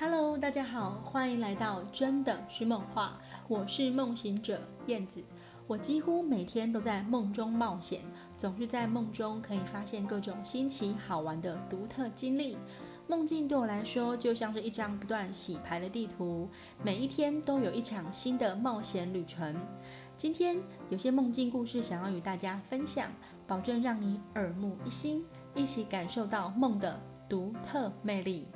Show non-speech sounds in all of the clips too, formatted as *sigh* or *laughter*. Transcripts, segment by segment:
Hello，大家好，歡迎來到真的是夢話。我是夢行者燕子。我幾乎每天都在夢中冒險，總是在夢中可以發現各種新奇好玩的獨特經歷。夢境對我來說就像是一張不斷洗牌的地圖，每一天都有一場新的冒險旅程。今天有些夢境故事想要與大家分享，保證讓你耳目一新，一起感受到夢的獨特魅力。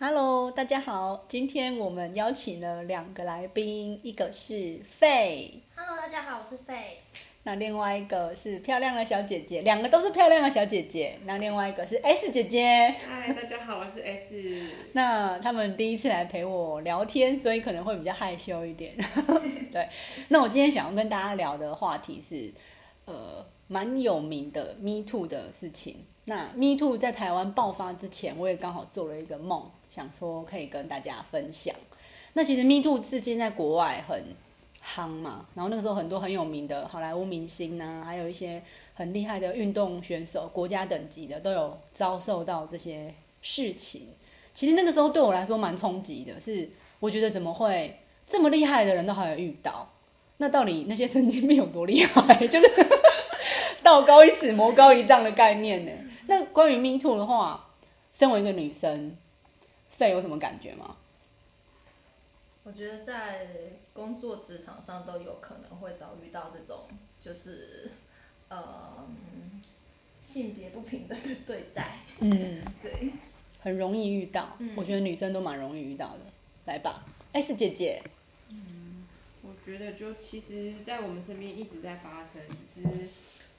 Hello，大家好，今天我們邀請了兩個來賓，一個是 Fay。Hello，大家好，我是 Fay。那另外一個是漂亮的小姐姐，兩個都是漂亮的小姐姐。那另外一個是 S 姐姐。嗨，大家好，我是 S。 *laughs* 那他們第一次來陪我聊天，所以可能會比較害羞一點。 *laughs* 對。那我今天想要跟大家聊的話題是，呃，蠻有名的 Me Too 的事情。那 Me Too 在台灣爆發之前，我也剛好做了一個夢。想說可以跟大家分享。那其實 Me Too 至今在國外很夯嘛，然後那個時候很多很有名的好萊塢明星啊，還有一些很厲害的運動選手，國家等級的都有遭受到這些事情。其實那個時候對我來說蠻衝擊的，是我覺得怎麼會這麼厲害的人都還有遇到？那到底那些神經病有多厲害？ *laughs* 就是道高一尺，魔高一丈的概念呢？那關於 Me Too 的話，身為一個女生。Fay 有什麼感覺嗎？我覺得在工作職場上都有可能會遭遇到這種，就是呃、嗯、性別不平等的對待。嗯，對，很容易遇到。嗯、我覺得女生都蠻容易遇到的。對來吧，S 姐姐。嗯，我覺得就其實，在我們身邊一直在發生，只是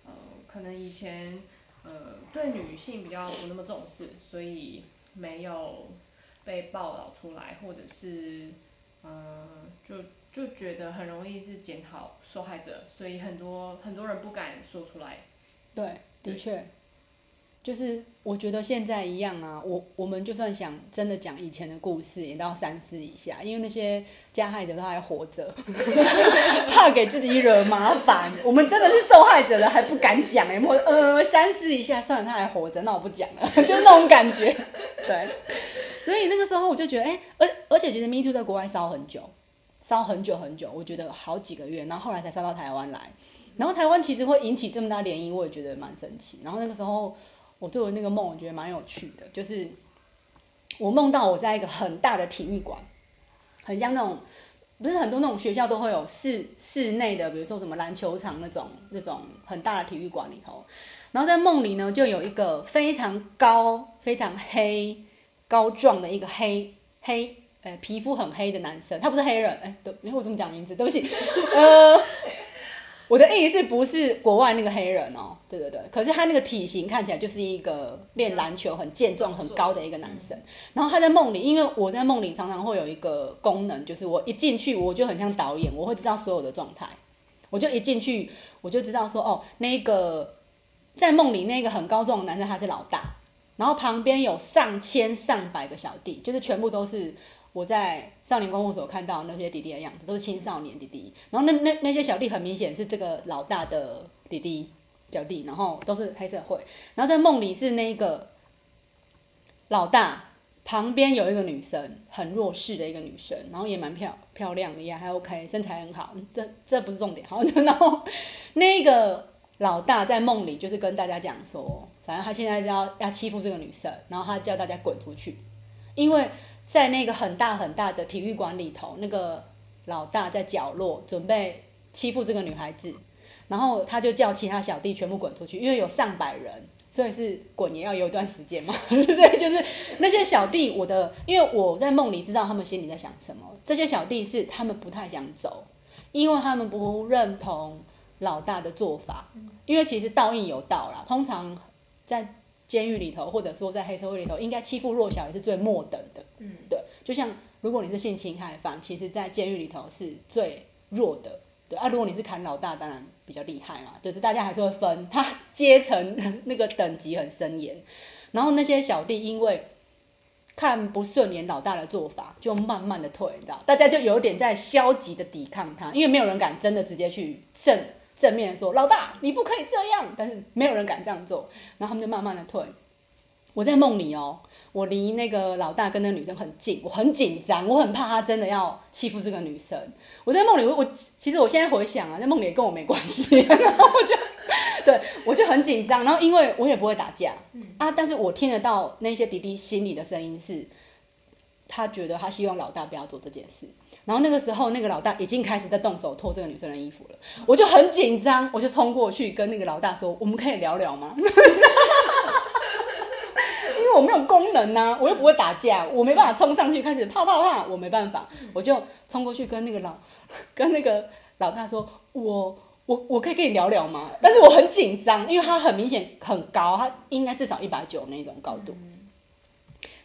呃，可能以前呃對女性比較不那麼重視，所以沒有。被報道出來，或者是，嗯，就就覺得很容易是檢討受害者，所以很多很多人不敢說出來。對，的確，對就是我覺得現在一樣啊。我我們就算想真的講以前的故事，也都要三思一下，因為那些加害者他還活着， *laughs* *laughs* 怕給自己惹麻煩。 *laughs* 我們真的是受害者了，還不敢講、欸，沒、 *laughs* 嗯、三思一下，算了，他還活着，那我不講了， *laughs* *laughs* 就那種感覺，對。所以那個時候我就覺得，哎、欸，而而且其實《Me Too》在國外燒很久，燒很久很久，我覺得好幾個月，然後後來才燒到台灣來，然後台灣其實會引起這麼大漣漪，我也覺得蠻神奇。然後那個時候，我做的那個夢，我覺得蠻有趣的，就是我夢到我在一個很大的體育館，很像那種不是很多那種學校都會有室室內的，比如說什麼籃球場那種那種很大的體育館裡頭，然後在夢裡呢，就有一個非常高、非常黑。高壯的一個黑黑，哎、欸，皮膚很黑的男生，他不是黑人，哎、欸，對、欸，你看我怎麼講名字，對不起， *laughs* 呃，我的意思不是國外那個黑人哦、喔，對對對，可是他那個體型看起來就是一個練籃球很健壯、很高的一個男生，然後他在夢裡，因為我在夢裡常常會有一個功能，就是我一進去我就很像導演，我會知道所有的狀態，我就一進去我就知道說，哦，那一個在夢裡那個很高壯的男生他是老大。然後旁邊有上千上百個小弟，就是全部都是我在少年觀護所看到那些弟弟的樣子，都是青少年弟弟。然後那那那些小弟很明顯是這個老大的弟弟小弟，然後都是黑社會。然後在夢裡是那個老大旁邊有一個女生，很弱勢的一個女生，然後也蠻漂漂亮的，也還 OK，身材很好。這這不是重點，好。然後那個老大在夢裡就是跟大家講說。反正他現在要要欺負這個女生，然後他叫大家滾出去，因為在那個很大很大的體育館裡頭，那個老大在角落準備欺負這個女孩子，然後他就叫其他小弟全部滾出去，因為有上百人，所以是滾也要有一段時間嘛。 *laughs* 所以就是那些小弟，我的，因為我在夢裡知道他們心裡在想什麼。這些小弟是他們不太想走，因為他們不認同老大的做法，因為其實盜亦有道啦，通常。在監獄裡頭，或者說在黑社會裡頭，應該欺負弱小也是最末等的。嗯，對。就像如果你是性侵害犯，其實，在監獄裡頭是最弱的。對啊，如果你是砍老大，當然比較厲害嘛。就是大家還是會分他階層，那個等級很森嚴。然後那些小弟因為看不順眼老大的做法，就慢慢的退，你知道？大家就有點在消極的抵抗他，因為沒有人敢真的直接去正。正面說，老大，你不可以這樣，但是沒有人敢這樣做，然後他們就慢慢的退。我在夢裡哦，我離那個老大跟那個女生很近，我很緊張，我很怕他真的要欺負這個女生。我在夢裡，我我其實我現在回想啊，那夢裡也跟我沒關係啊，然後我就對，我就很緊張，然後因為我也不會打架啊，但是我聽得到那些弟弟心裡的聲音是，他覺得他希望老大不要做這件事。然後那個時候，那個老大已經開始在動手脫這個女生的衣服了，我就很緊張，我就衝過去跟那個老大說：“我們可以聊聊嗎？”因為我沒有功能啊，我又不會打架，我沒辦法衝上去開始啪啪啪，我沒辦法，我就衝過去跟那個老跟那個老大說：“我我我可以跟你聊聊嗎？”但是我很緊張，因為他很明顯很高，他應該至少一百九那種高度。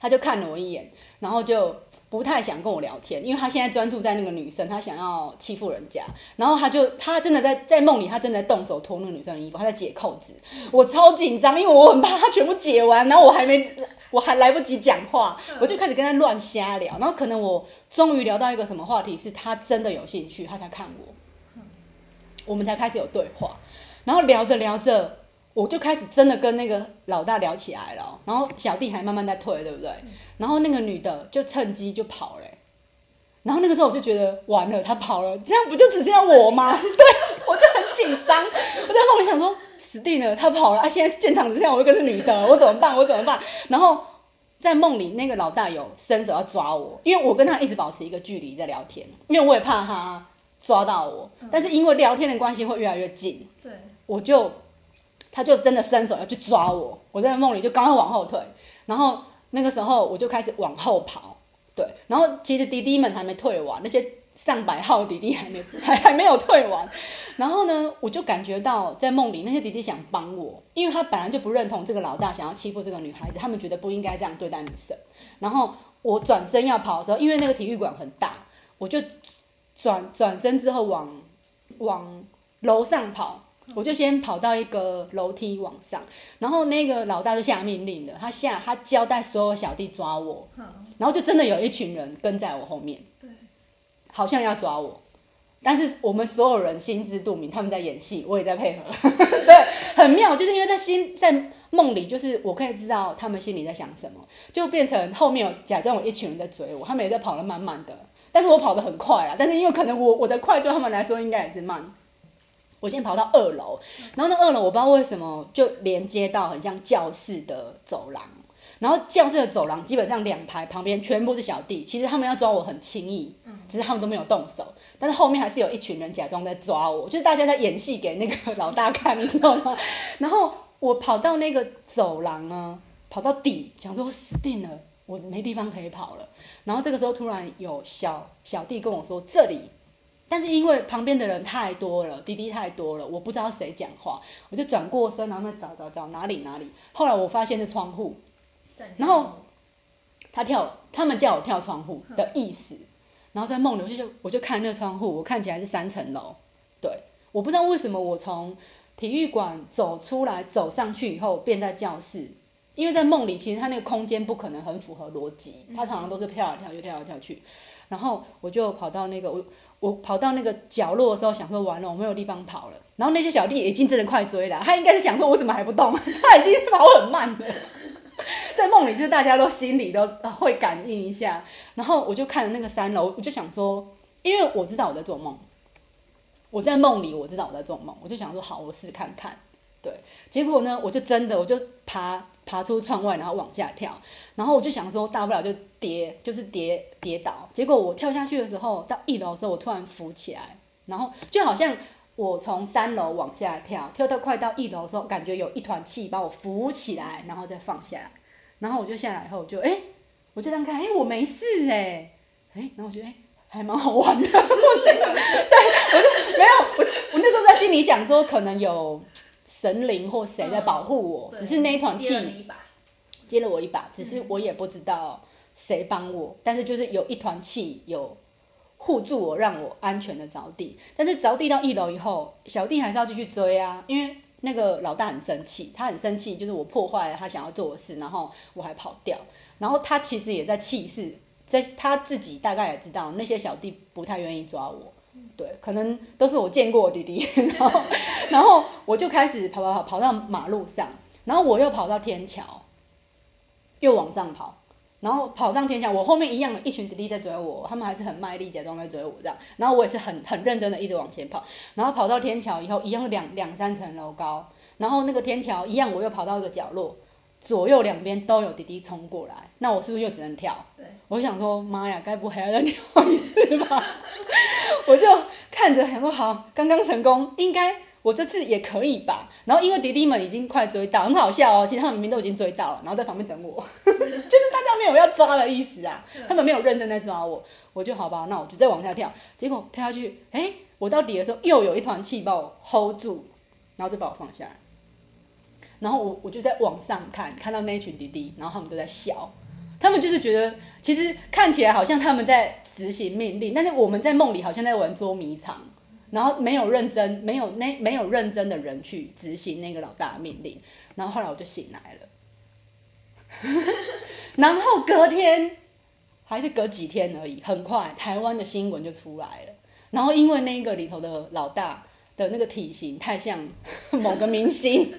他就看了我一眼，然後就不太想跟我聊天，因為他現在專注在那個女生，他想要欺負人家。然後他就他真的在在夢裡，他正在動手脫那個女生的衣服，他在解扣子。我超緊張，因為我很怕他全部解完，然後我還沒我還來不及講話，嗯、我就開始跟他亂瞎聊。然後可能我終於聊到一個什麼話題，是他真的有興趣，他才看我，嗯、我們才開始有對話。然後聊着聊着。我就開始真的跟那個老大聊起來了，喔，然後小弟還慢慢在退，對不對？然後那個女的就趁機就跑了，欸。然後那個時候我就覺得完了，他跑了，這樣不就只剩下我嗎？對，對我就很緊張。 *laughs* 我在後面想說，死定了，他跑了，啊，現在現場只剩下我一個是女的，我怎麼辦？我怎麼辦？然後在夢裡，那個老大有伸手要抓我，因為我跟他一直保持一個距離在聊天，因為我也怕他抓到我。嗯、但是因為聊天的關係，會越來越近。對，我就。他就真的伸手要去抓我，我在夢裡就剛剛往後退，然後那個時候我就開始往後跑，對，然後其實弟弟們還沒退完，那些上百號弟弟還沒還還沒有退完，然後呢，我就感覺到在夢裡那些弟弟想幫我，因為他本來就不認同這個老大想要欺負這個女孩子，他們覺得不應該這樣對待女生。然後我轉身要跑的時候，因為那個體育館很大，我就轉轉身之後往往樓上跑。我就先跑到一個樓梯往上，然後那個老大就下命令了，他下他交代所有小弟抓我，好然後就真的有一群人跟在我後面，對好像要抓我，但是我們所有人心知肚明，他們在演戲，我也在配合， *laughs* 對，很妙，就是因為在心在夢裡，就是我可以知道他們心裡在想什麼，就變成後面有假裝有一群人在追我，他們也在跑得慢慢的，但是我跑得很快啊，但是因為可能我我的快對他們來說應該也是慢。我先跑到二樓，然後那二樓我不知道為什麼就連接到很像教室的走廊，然後教室的走廊基本上兩排旁邊全部是小弟，其實他們要抓我很輕易，只是他們都沒有動手，但是後面還是有一群人假裝在抓我，就是大家在演戲給那個老大看，你知道嗎？然後我跑到那個走廊呢，跑到底想說我死定了，我沒地方可以跑了，然後這個時候突然有小小弟跟我說這裡。但是因為旁邊的人太多了，滴滴太多了，我不知道誰講話，我就轉過身，然後在找找找，找哪裡哪裡。後來我發現是窗戶，對，然後他跳，他們叫我跳窗戶的意思。然後在夢裡，我就就我就看那窗戶，我看起來是三層樓，對，我不知道為什麼我從體育館走出來，走上去以後變在教室，因為在夢裡其實他那個空間不可能很符合邏輯，他常常都是跳來跳去，跳來跳去。然後我就跑到那個我跑到那個角落的時候，想說完了，我沒有地方跑了。然後那些小弟也已經真的快追了、啊，他應該是想說，我怎麼還不動？他已經跑很慢了。 *laughs* 在夢裡，就是大家都心裡都會感應一下。然後我就看了那個三樓，我就想說，因為我知道我在做夢，我在夢裡我知道我在做夢，我就想說，好，我試看看。對，結果呢，我就真的，我就爬爬出窗外，然後往下跳，然後我就想說，大不了就跌，就是跌跌倒。結果我跳下去的時候，到一樓的時候，我突然浮起來，然後就好像我從三樓往下跳，跳到快到一樓的時候，感覺有一團氣把我浮起來，然後再放下來。然後我就下來以後我就，就哎，我就這樣看，哎，我沒事呢、欸。哎，然後我覺得哎，還蠻好玩的，我真的，對我就沒有，我我那時候在心裡想說，可能有，神靈或誰在保護我？只是那一團氣，接了我一把，只是我也不知道誰幫我，但是就是有一團氣有護住我，讓我安全的着地。但是着地到一樓以後，小弟還是要繼續追啊，因為那個老大很生氣，他很生氣，就是我破壞了他想要做的事，然後我還跑掉，然後他其實也在氣，勢，在他自己大概也知道那些小弟不太願意抓我。對，可能都是我見過的弟弟，然後然後我就開始跑跑跑，跑到馬路上，然後我又跑到天橋，又往上跑，然後跑上天橋，我後面一樣一群弟弟在追我，他們還是很賣力假裝在追我這樣，然後我也是很，很認真地一直往前跑，然後跑到天橋以後一樣兩兩三層樓高，然後那個天橋一樣我又跑到一個角落，左右兩邊都有弟弟衝過來，那我是不是又只能跳？對我就想說媽呀，該不會還要再跳一次吧？ *laughs* 我就看着，想說好，剛剛成功，應該我這次也可以吧。然後因為弟弟們已經快追到，很好笑哦。其實他們明明都已經追到了，然後在旁邊等我， *laughs* 就是大家沒有要抓的意思啊。他們沒有認真在抓我，我就好吧，那我就再往下跳。結果跳下去，欸，我到底的時候又有一團氣把我 hold 住，然後就把我放下來。然後我我就在往上看，看到那一群弟弟，然後他們就在笑。他們就是覺得，其實看起來好像他們在執行命令，但是我們在夢裡好像在玩捉迷藏，然後沒有認真，沒有那沒有認真的人去執行那個老大的命令，然後後來我就醒來了， *laughs* 然後隔天還是隔幾天而已，很快台灣的新聞就出來了，然後因為那個裡頭的老大的那個體型太像某個明星，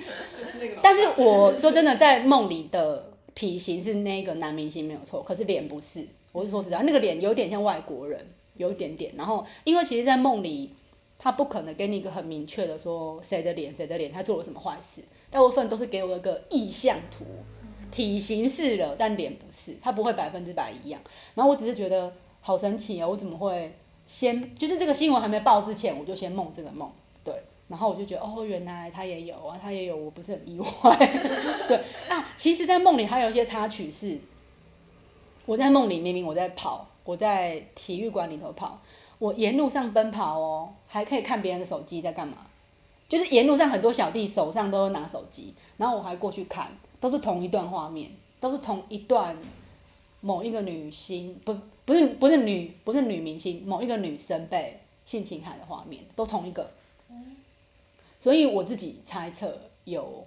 是但是我說真的，在夢裡的。體型是那個男明星沒有錯，可是臉不是。我是說實在，那個臉有點像外國人，有一點點。然後，因為其實，在夢裡，他不可能給你一個很明確的說誰的臉、誰的臉，他做了什麼壞事。大部分都是給我一個意象圖，體型是了，但臉不是。他不會百分之百一樣。然後我只是覺得好神奇啊、哦，我怎麼會先就是這個新聞還沒爆之前，我就先夢這個夢。然後我就覺得，哦，原來他也有啊，他也有，我不是很意外。 *laughs* 對，那其實，在夢裡還有一些插曲是，我在夢裡明明我在跑，我在體育館裡頭跑，我沿路上奔跑哦，還可以看別人的手機在幹嘛，就是沿路上很多小弟手上都拿手機，然後我還過去看，都是同一段畫面，都是同一段某一個女星，不不是不是女，不是女明星，某一個女生被性侵害的畫面，都同一個。所以我自己猜測有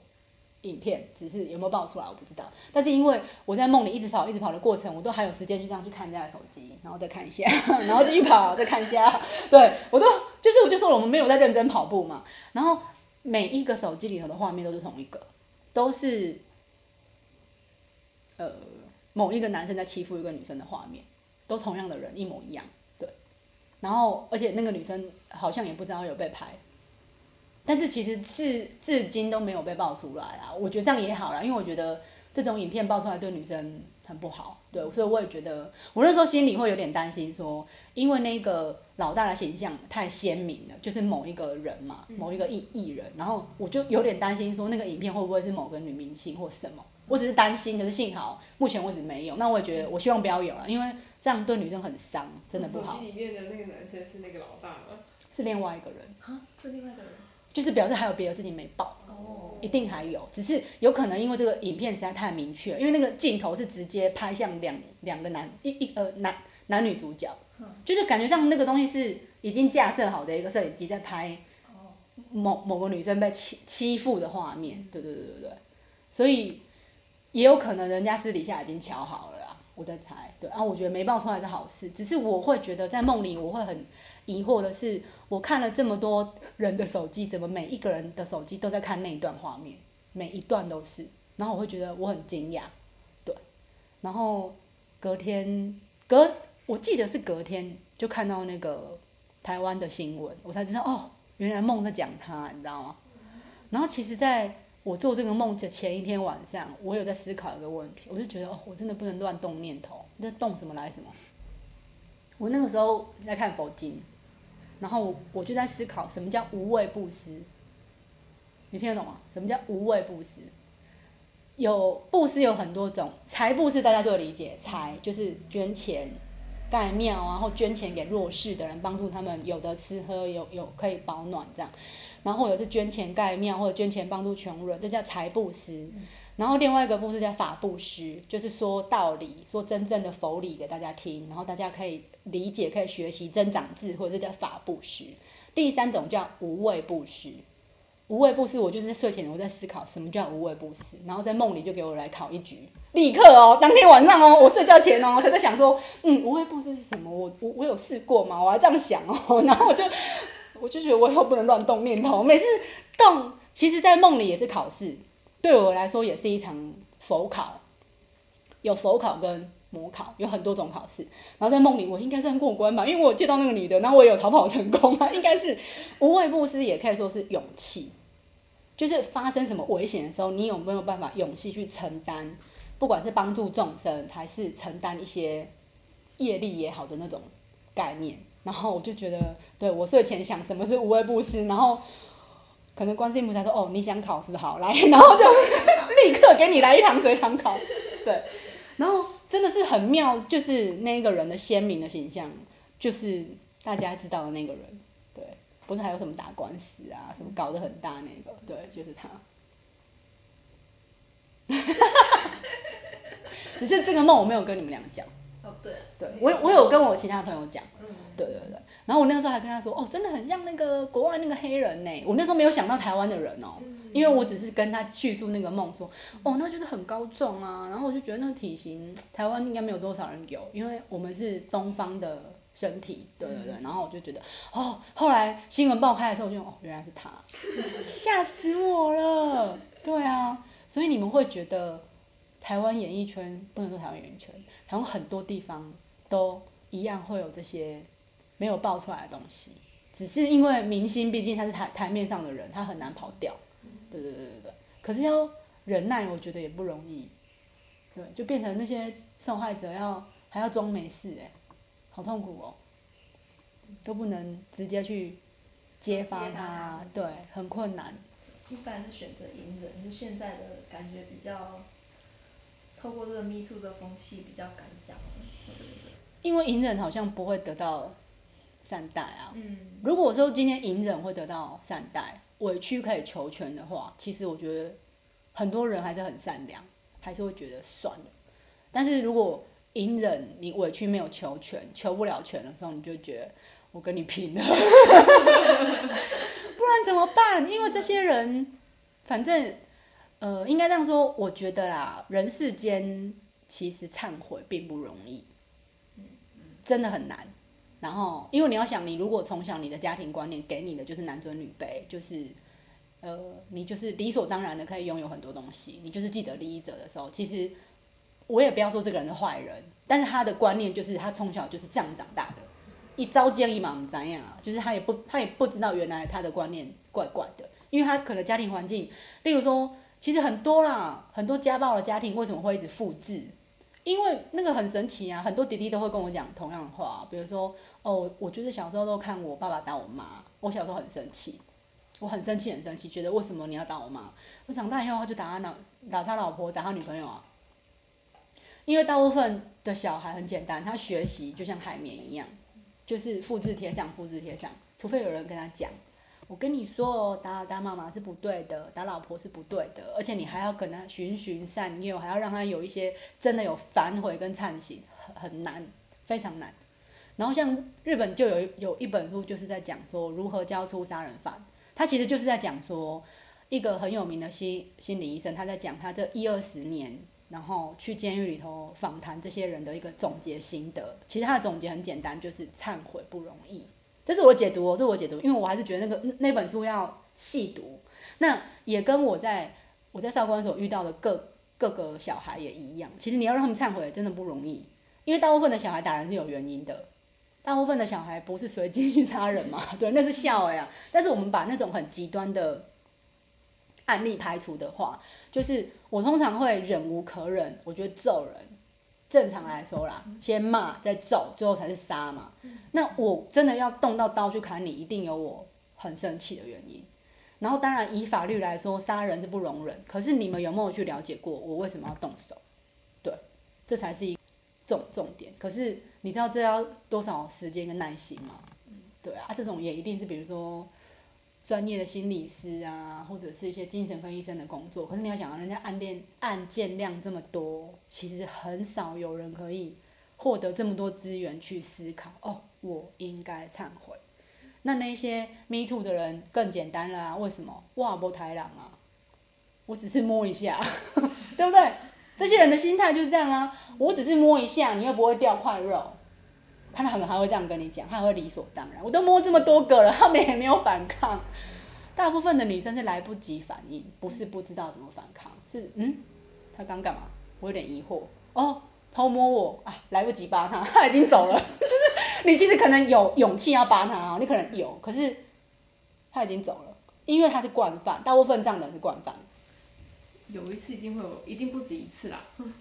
影片，只是有沒有爆出來我不知道。但是因為我在夢裡一直跑，一直跑的過程，我都還有時間去這樣去看人家的手機，然後再看一下，然後繼續跑，再看一下。對，我都就是我就說我們沒有在認真跑步嘛。然後每一個手機裡頭的畫面都是同一個，都是呃某一個男生在欺負一個女生的畫面，都同樣的人一模一樣。對，然後而且那個女生好像也不知道有被拍。但是其實至至今都沒有被爆出來啊，我覺得這樣也好了，因為我覺得這種影片爆出來對女生很不好，對，所以我也覺得我那時候心裡會有點擔心說，說因為那個老大的形象太鮮明了，就是某一個人嘛，某一個藝藝人，然後我就有點擔心說那個影片會不會是某個女明星或什麼？我只是擔心，可是幸好目前為止沒有。那我也覺得我希望不要有了，因為這樣對女生很傷，真的不好。你手機裡面的那個男生是那個老大嗎？是另外一個人。啊蛤，是另外一個人。就是表示還有別的事情沒爆，一定還有，只是有可能因為這個影片實在太明確，因為那個鏡頭是直接拍向兩兩個男一一個、呃、男男女主角，就是感覺上那個東西是已經架設好的一個攝影機在拍某某個女生被欺欺負的畫面，對對對對對，所以也有可能人家私底下已經瞧好了啊，我在猜，對，啊，我覺得沒爆出來是好事，只是我會覺得在夢裡我會很。疑惑的是，我看了這麼多人的手機，怎麼每一個人的手機都在看那一段畫面？每一段都是，然後我會覺得我很驚訝，對。然後隔天，隔我記得是隔天就看到那個台灣的新聞，我才知道哦，原來夢在講他，你知道嗎？然後其實在我做這個夢的前一天晚上，我有在思考一個問題，我就覺得哦，我真的不能亂動念頭，那動什麼來什麼？我那個時候在看佛經。然後我就在思考什麼叫無畏布施？你聽得懂嗎？什麼叫無畏布施？有布施有很多種，財布施大家都有理解，財就是捐錢蓋廟啊，或捐錢給弱勢的人，幫助他們有的吃喝，有有可以保暖這樣。然後有是捐錢蓋廟，或者捐錢幫助窮人，這叫財布施。嗯然後另外一個故事叫法布施，就是說道理，說真正的佛理給大家聽，然後大家可以理解，可以學習，增長智慧，或者是叫法布施。第三種叫無畏布施，無畏布施，我就是在睡前我在思考什麼叫無畏布施，然後在夢裡就給我來考一局，立刻哦，當天晚上哦，我睡覺前哦，我在想說，嗯，無畏布施是什麼？我我，我有試過嗎？我還這樣想哦，然後我就我就覺得我以後不能亂動念頭，每次動，其實在夢裡也是考試。對我來說也是一場佛考，有佛考跟魔考，有很多種考試。然後在夢裡，我應該算很過關吧，因為我見到那個女的，然後我也有逃跑成功啊。應該是無畏布施，也可以說是勇氣，就是發生什麼危險的時候，你有沒有辦法勇氣去承擔？不管是幫助眾生，還是承擔一些業力也好的那種概念。然後我就覺得，對我睡前想什麼是無畏布施，然後。可能關心不太說哦，你想考試好來，然後就是、立刻給你來一堂隨堂考，對，然後真的是很妙，就是那個人的鮮明的形象，就是大家知道的那個人，對，不是還有什麼打官司啊，什麼搞得很大那個，對，就是他。 *laughs* 只是這個夢我沒有跟你們兩個講。哦，對，對我我有跟我其他朋友講，嗯，對對對，對。然後我那個時候還跟他說，哦，真的很像那個國外那個黑人呢。我那時候沒有想到台灣的人哦，因為我只是跟他敘述那個夢，說，哦，那就是很高壯啊。然後我就覺得那個體型台灣應該沒有多少人有，因為我們是東方的身體，對對對。嗯、然後我就覺得，哦，後來新聞爆開的時候我就覺得，就哦，原來是他，嚇死我了。對啊，所以你們會覺得台灣演藝圈，不能說台灣演藝圈，台灣很多地方都一樣會有這些。沒有爆出來的東西，只是因為明星畢竟他是台台面上的人，他很難跑掉。對對對對對。可是要忍耐，我覺得也不容易。對，就變成那些受害者要還要裝沒事哎、欸，好痛苦哦。都不能直接去揭發他，啊、對，很困難。一般是選擇隱忍，就現在的感覺比較透過這個 Me Too 的風氣比較敢講。因為隱忍好像不會得到。善待啊，嗯，如果我說今天隱忍會得到善待，委屈可以求全的話，其實我覺得很多人還是很善良，還是會覺得算了。但是如果隱忍，你委屈沒有求全，求不了全的時候，你就覺得我跟你拼了， *laughs* *laughs* 不然怎麼辦？因為這些人，嗯、反正呃，應該這樣說，我覺得啦，人世間其實懺悔並不容易，嗯、真的很難。然後，因為你要想，你如果從小你的家庭觀念給你的就是男尊女卑，就是，呃，你就是理所當然的可以擁有很多東西，你就是既得利益者的時候，其實我也不要說這個人是壞人，但是他的觀念就是他從小就是這樣長大的，一招見一盲，怎樣啊？就是他也不他也不知道原來他的觀念怪怪的，因為他可能家庭環境，例如說，其實很多啦，很多家暴的家庭為什麼會一直複制？因為那個很神奇啊，很多弟弟都會跟我講同樣的話啊，比如說，哦，我就是小時候都看我爸爸打我媽，我小時候很生氣，我很生氣很生氣，覺得為什麼你要打我媽？我長大以後，他就打他老打他老婆，打他女朋友啊。因為大部分的小孩很簡單，他學習就像海綿一樣，就是複製貼上複製貼上，除非有人跟他講。我跟你說哦，打，打打媽媽是不對的，打老婆是不對的，而且你還要跟她循循善誘，還要讓她有一些真的有反悔跟懺悔，很很難，非常難。然後像日本就有有一本書就是在講說如何教出殺人犯，他其實就是在講說一個很有名的心心理醫生，他在講他這一二十年，然後去監獄裡頭訪談這些人的一個總結心得。其實他的總結很簡單，就是懺悔不容易。這是我解讀哦，這是我解讀，因為我還是覺得那個那本書要細讀。那也跟我在我在少管所遇到的各各個小孩也一樣。其實你要讓他們懺悔真的不容易，因為大部分的小孩打人是有原因的，大部分的小孩不是隨機去殺人嘛？對，那是笑哎啊。但是我們把那種很極端的案例排除的話，就是我通常會忍無可忍，我覺得揍人。正常來說啦，先罵再揍，最後才是殺嘛。那我真的要動到刀去砍你，一定有我很生氣的原因。然後當然以法律來說，殺人是不容忍。可是你們有沒有去了解過我為什麼要動手？對，這才是一個重重點。可是你知道這要多少時間跟耐心嗎？對啊，啊這種也一定是比如說。專業的心理師啊，或者是一些精神科醫生的工作，可是你要想啊，人家案件案件量這麼多，其實很少有人可以獲得這麼多資源去思考。哦，我應該懺悔。那那些 Me Too 的人更簡單啦，啊，為什麼？哇，不太郎啊，我只是摸一下， *laughs* 對不對？這些人的心態就是這樣啊，我只是摸一下，你又不會掉塊肉。他可能還會這樣跟你講，他會理所當然。我都摸這麼多個了，他們也沒有反抗。大部分的女生是來不及反應，不是不知道怎麼反抗，是嗯，他剛剛幹嘛？我有點疑惑。哦，偷摸我啊，來不及扒他，他已經走了。 *laughs* 就是你其實可能有勇氣要扒他啊，哦，你可能有，可是他已經走了，因為他是慣犯。大部分這樣的人是慣犯。有一次，一定會有，一定不止一次啦。嗯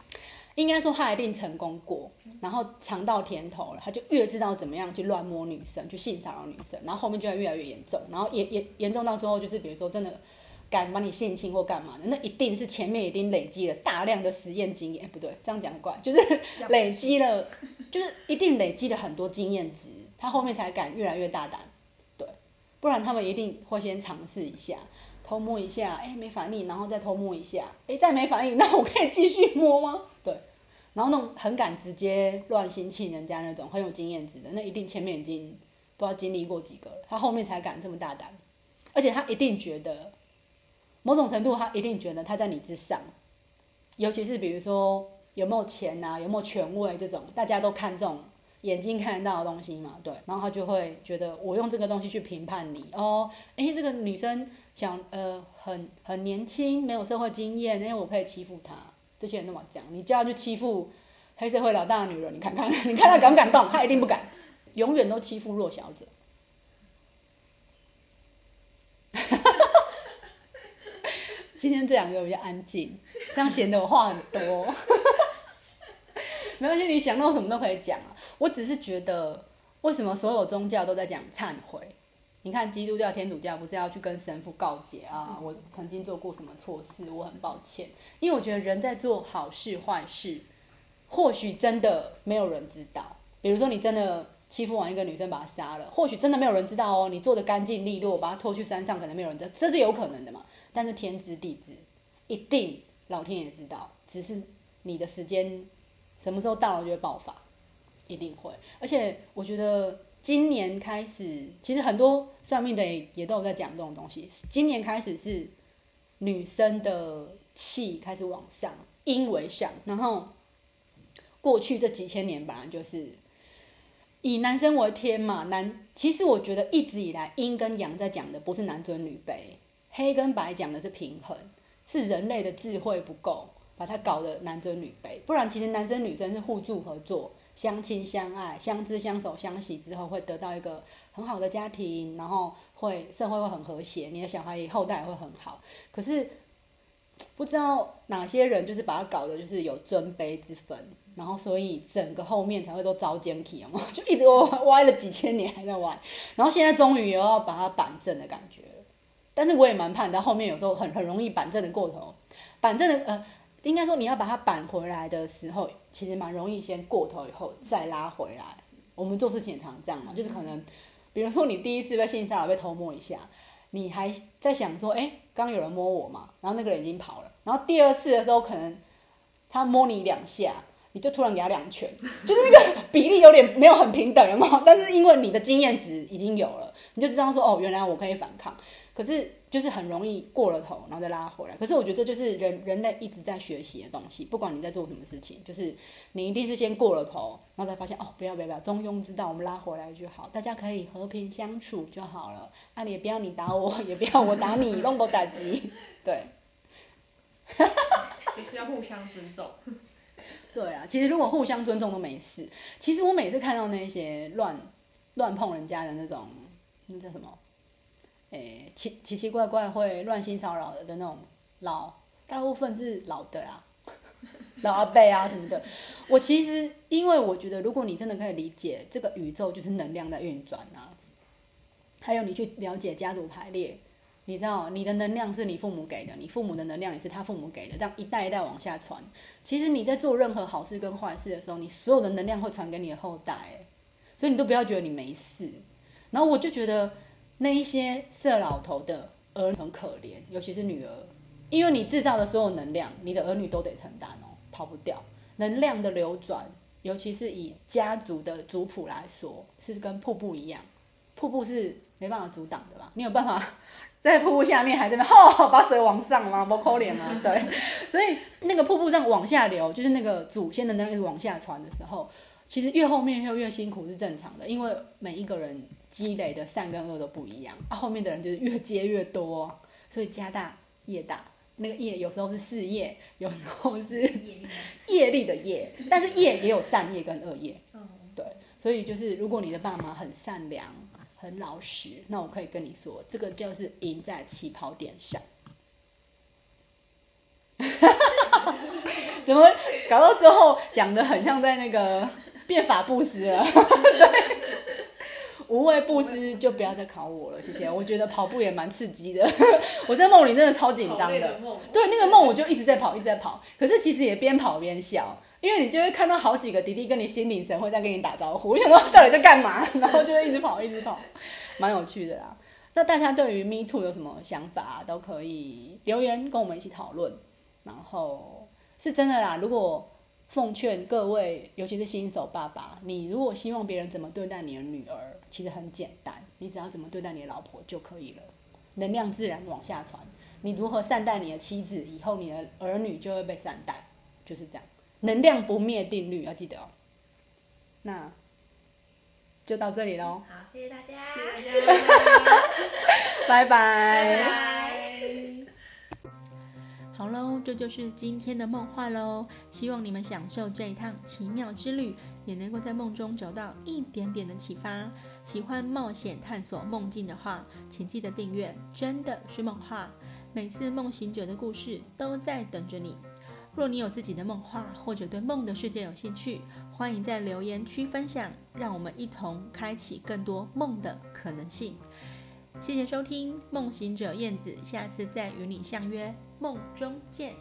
應該說他一定成功過，然後嘗到甜頭了，他就越知道怎麼樣去亂摸女生，去性騷擾女生，然後後面就會越來越嚴重，然後也也嚴重到最後就是比如說真的敢把你性侵或幹嘛的，那一定是前面已經累積了大量的實驗經驗，欸、不對，這樣講怪，就是累積了，不 *laughs* 就是一定累積了很多經驗值，他後面才敢越來越大膽，對，不然他們一定會先嘗試一下。偷摸一下，哎、欸，沒反應，然後再偷摸一下，哎、欸，再沒反應，那我可以繼續摸嗎？對，然後那種很敢直接亂性侵人家那種很有經驗值的，那一定前面已經不知道經歷過幾個了，他後面才敢這麼大膽，而且他一定覺得某種程度，他一定覺得他在你之上，尤其是比如說有沒有錢啊，有沒有權位這種，大家都看重，眼睛看得到的東西嘛，對，然後他就會覺得我用這個東西去評判你哦。哎、欸，這個女生想呃很很年輕，沒有社會經驗，哎、欸，我可以欺負她。這些人那麼講，你叫她去欺負黑社會老大的女人，你看看，你看她敢不敢動？她一定不敢，永遠都欺負弱小者。 *laughs* 今天這兩個比較安靜，這樣顯得我話很多。沒關係，你想到什麼都可以講啊。我只是覺得，為什麼所有宗教都在講懺悔？你看，基督教、天主教不是要去跟神父告解啊？我曾經做過什麼錯事，我很抱歉。因為我覺得人在做好事、壞事，或許真的沒有人知道。比如說，你真的欺負完一個女生，把她殺了，或許真的沒有人知道哦。你做的乾淨利落，把她拖去山上，可能沒有人知道，這是有可能的嘛。但是天知地知，一定老天爺知道。只是你的時間。什麼時候到了就會爆發，一定會，而且我覺得今年開始，其實很多算命的也，也都有在講這種東西。今年開始是女生的氣開始往上，陰為上。然後過去這幾千年吧，就是以男生為天嘛，男。其實我覺得一直以來陰跟陽在講的不是男尊女卑，黑跟白講的是平衡，是人類的智慧不夠。把它搞得男尊女卑，不然其實男生女生是互助合作、相親相愛、相知相守、相惜之後，會得到一個很好的家庭，然後會社會會很和諧，你的小孩後代也會很好。可是不知道哪些人就是把它搞得就是有尊卑之分，然後所以整個後面才會都遭奸。起，就一直歪了幾千年還在歪，然後現在終於又要把它板正的感覺。但是我也蠻怕，到後面有時候很很容易板正的過頭，板正的呃。應該說，你要把它扳回來的時候，其實蠻容易先過頭，以後再拉回來。我們做事情也常這樣嘛，就是可能，比如說你第一次被性騷擾被偷摸一下，你還在想說，哎、欸，剛有人摸我嘛，然後那個人已經跑了。然後第二次的時候，可能他摸你兩下，你就突然給他兩拳，就是那個比例有點沒有很平等，有有，但是因為你的經驗值已經有了，你就知道說，哦，原來我可以反抗。可是。就是很容易過了頭，然後再拉回來。可是我覺得這就是人人類一直在學習的東西，不管你在做什麼事情，就是你一定是先過了頭，然後才發現哦，不要不要不要，中庸之道，我們拉回來就好，大家可以和平相處就好了。啊，你也不要你打我，也不要我打你，用不打擊，對。哈哈也是要互相尊重。對啊，其實如果互相尊重都沒事。其實我每次看到那些亂亂碰人家的那種，那叫什麼？誒，奇、欸、奇奇怪怪，會亂性騷擾的那種老，大部分是老的啊，老阿伯啊什麼的。我其實因為我覺得，如果你真的可以理解，這個宇宙就是能量在運轉啊。還有你去了解家族排列，你知道你的能量是你父母給的，你父母的能量也是他父母給的，這樣一代一代往下傳。其實你在做任何好事跟壞事的時候，你所有的能量會傳給你的後代、欸，所以你都不要覺得你沒事。然後我就覺得。那一些色老頭的兒很可憐，尤其是女兒，因為你製造的所有能量，你的兒女都得承擔哦、喔，跑不掉。能量的流轉，尤其是以家族的族譜來說，是跟瀑布一樣，瀑布是沒辦法阻擋的吧？你有辦法在瀑布下面還在那吼、哦、把水往上嗎？不，可憐嗎？對，所以那個瀑布上往下流，就是那個祖先的能量往下傳的時候。其實越後面會越，越辛苦是正常的，因為每一個人積累的善跟惡都不一樣啊。後面的人就是越接越多，所以家大業大。那個業有時候是事業，有時候是業力的業，但是業也有善業跟惡業。對，所以就是如果你的爸媽很善良、很老實，那我可以跟你說，這個就是贏在起跑點上。 *laughs* 怎麼搞到之後講得很像在那個？變法布施了， *laughs* 對，無畏布施就不要再考我了，謝謝。我覺得跑步也蠻刺激的， *laughs* 我在夢裡真的超緊張的，的夢對那個夢我就一直在跑，一直在跑，可是其實也邊跑邊笑，因為你就會看到好幾個弟弟跟你心領神會在跟你打招呼，我想說到底在幹嘛，然後就一直跑一直跑，蠻有趣的啦。那大家對於 Me Too 有什麼想法，都可以留言跟我們一起討論。然後是真的啦，如果。奉勸各位，尤其是新手爸爸，你如果希望別人怎麼對待你的女兒，其實很簡單，你只要怎麼對待你的老婆就可以了，能量自然往下傳。你如何善待你的妻子，以後你的兒女就會被善待，就是這樣。能量不滅定律要記得哦、喔。那就到這裡嘍。好，謝謝大家，謝謝大家，拜拜。好嘍，這就是今天的夢話嘍。希望你們享受這一趟奇妙之旅，也能夠在夢中找到一點點的啟發。喜歡冒險探索夢境的話，請記得訂閱《真的是夢話》，每次夢行者的故事都在等着你。若你有自己的夢話，或者對夢的世界有興趣，歡迎在留言區分享，讓我們一同開啟更多夢的可能性。謝謝收聽夢行者燕子，下次再與你相約。夢中見。